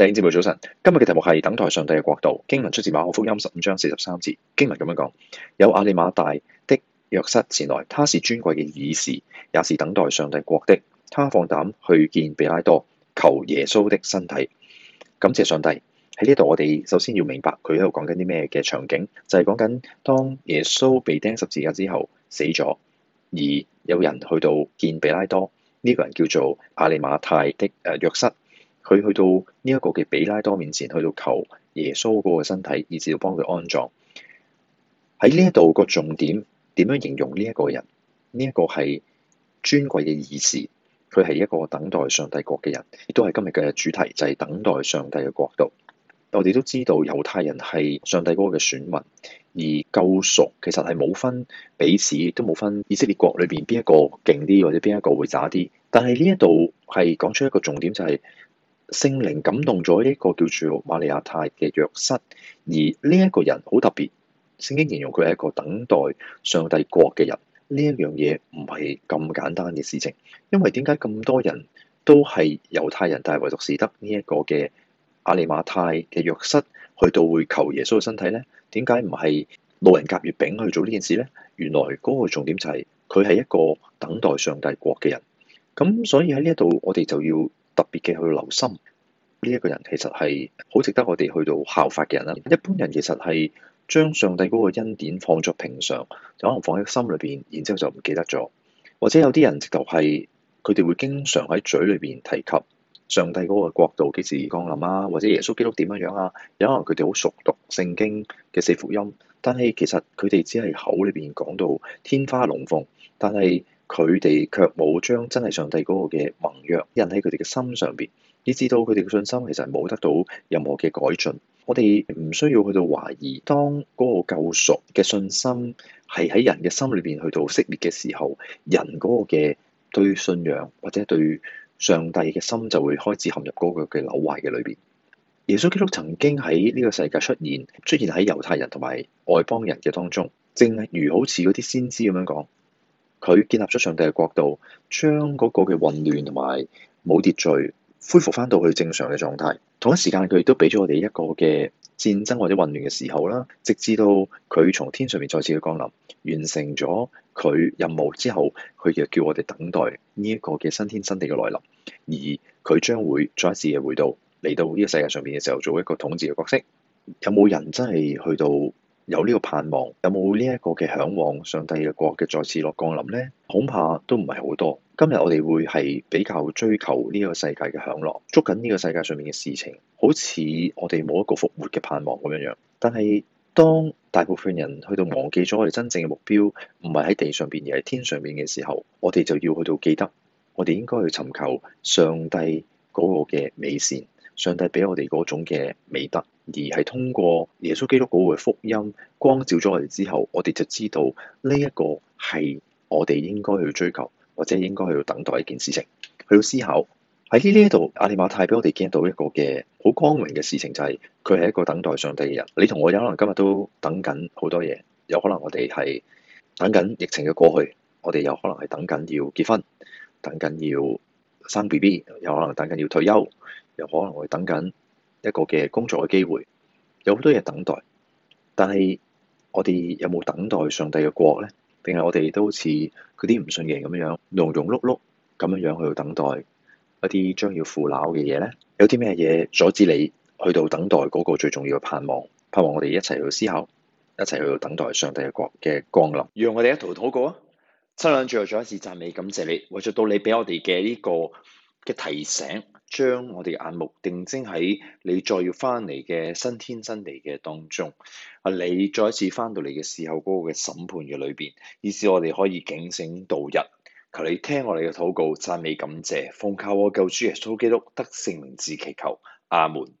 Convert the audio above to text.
電影節目早晨，今日嘅題目係等待上帝嘅國度。經文出自馬可福音十五章四十三節。經文咁樣講：有亞利馬太的約瑟前來，他是尊貴嘅議士，也是等待上帝國的。他放膽去見彼拉多，求耶穌的身體。感謝上帝。喺呢度，我哋首先要明白佢喺度講緊啲咩嘅場景，就係講緊當耶穌被釘十字架之後死咗，而有人去到見彼拉多。呢、這個人叫做亞利馬太的誒約瑟。佢去到呢一個嘅彼拉多面前，去到求耶穌嗰個身體，以至要幫佢安葬。喺呢一度個重點點樣形容呢一個人？呢、這、一個係尊貴嘅議士，佢係一個等待上帝國嘅人，亦都係今日嘅主題，就係、是、等待上帝嘅國度。我哋都知道猶太人係上帝嗰個嘅選民，而救贖其實係冇分彼此，都冇分以色列國裏邊邊一個勁啲，或者邊一個會渣啲。但係呢一度係講出一個重點，就係、是。聖靈感動咗一個叫做亞利馬太嘅約瑟，而呢一個人好特別，聖經形容佢係一個等待上帝國嘅人。呢一樣嘢唔係咁簡單嘅事情，因為點解咁多人都係猶太人，但係唯獨係得呢一個嘅亞利馬太嘅約瑟，去到會求耶穌嘅身體呢？點解唔係路人甲、乙、丙去做呢件事呢？原來嗰個重點就係佢係一個等待上帝國嘅人。咁所以喺呢一度，我哋就要。特別嘅去留心呢一個人，其實係好值得我哋去到效法嘅人啦。一般人其實係將上帝嗰個恩典放作平常，就可能放喺心裏邊，然之後就唔記得咗。或者有啲人直頭係佢哋會經常喺嘴裏邊提及上帝嗰個國度幾時而降臨啊，或者耶穌基督點樣樣啊。有可能佢哋好熟讀聖經嘅四福音，但係其實佢哋只係口裏邊講到天花龍鳳，但係。佢哋卻冇將真係上帝嗰個嘅盟約印喺佢哋嘅心上邊，以至到佢哋嘅信心其實冇得到任何嘅改進。我哋唔需要去到懷疑，當嗰個救贖嘅信心係喺人嘅心裏邊去到熄滅嘅時候，人嗰個嘅對信仰或者對上帝嘅心就會開始陷入嗰個嘅扭壞嘅裏邊。耶穌基督曾經喺呢個世界出現，出現喺猶太人同埋外邦人嘅當中，正如好似嗰啲先知咁樣講。佢建立咗上帝嘅國度，將嗰個嘅混亂同埋冇秩序恢復翻到去正常嘅狀態。同一時間，佢亦都俾咗我哋一個嘅戰爭或者混亂嘅時候啦，直至到佢從天上面再次嘅降臨，完成咗佢任務之後，佢就叫我哋等待呢一個嘅新天新地嘅來臨。而佢將會再一次嘅回到嚟到呢個世界上面嘅時候，做一個統治嘅角色。有冇人真係去到？有呢個盼望，有冇呢一個嘅嚮往上帝嘅國嘅再次落降臨呢，恐怕都唔係好多。今日我哋會係比較追求呢個世界嘅享樂，捉緊呢個世界上面嘅事情，好似我哋冇一個復活嘅盼望咁樣樣。但係當大部分人去到忘記咗我哋真正嘅目標，唔係喺地上邊而係天上邊嘅時候，我哋就要去到記得，我哋應該去尋求上帝嗰個嘅美善。上帝俾我哋嗰種嘅美德，而係通過耶穌基督寶嘅福音光照咗我哋之後，我哋就知道呢一個係我哋應該去追求或者應該去等待一件事情。去到思考喺呢呢度，亞利馬太俾我哋見到一個嘅好光明嘅事情，就係佢係一個等待上帝嘅人。你同我有可能今日都等緊好多嘢，有可能我哋係等緊疫情嘅過去，我哋有可能係等緊要結婚，等緊要。生 B B 有可能等緊要退休，又可能會等緊一個嘅工作嘅機會，有好多嘢等待，但係我哋有冇等待上帝嘅國咧？定係我哋都好似嗰啲唔信嘅人咁樣樣，庸庸碌碌咁樣樣去到等待一啲將要腐朽嘅嘢咧？有啲咩嘢阻止你去到等待嗰個最重要嘅盼望？盼望我哋一齊去思考，一齊去到等待上帝嘅國嘅降臨，讓我哋一齊討論過啊！新娘最後再一次讚美感謝你，為咗到你俾我哋嘅呢個嘅提醒，將我哋眼目定睛喺你再要翻嚟嘅新天新地嘅當中。啊，你再一次翻到嚟嘅時候嗰、那個嘅審判嘅裏邊，以至我哋可以警醒度日。求你聽我哋嘅禱告，讚美感謝，奉靠我救主耶穌基督得勝名字祈求，阿門。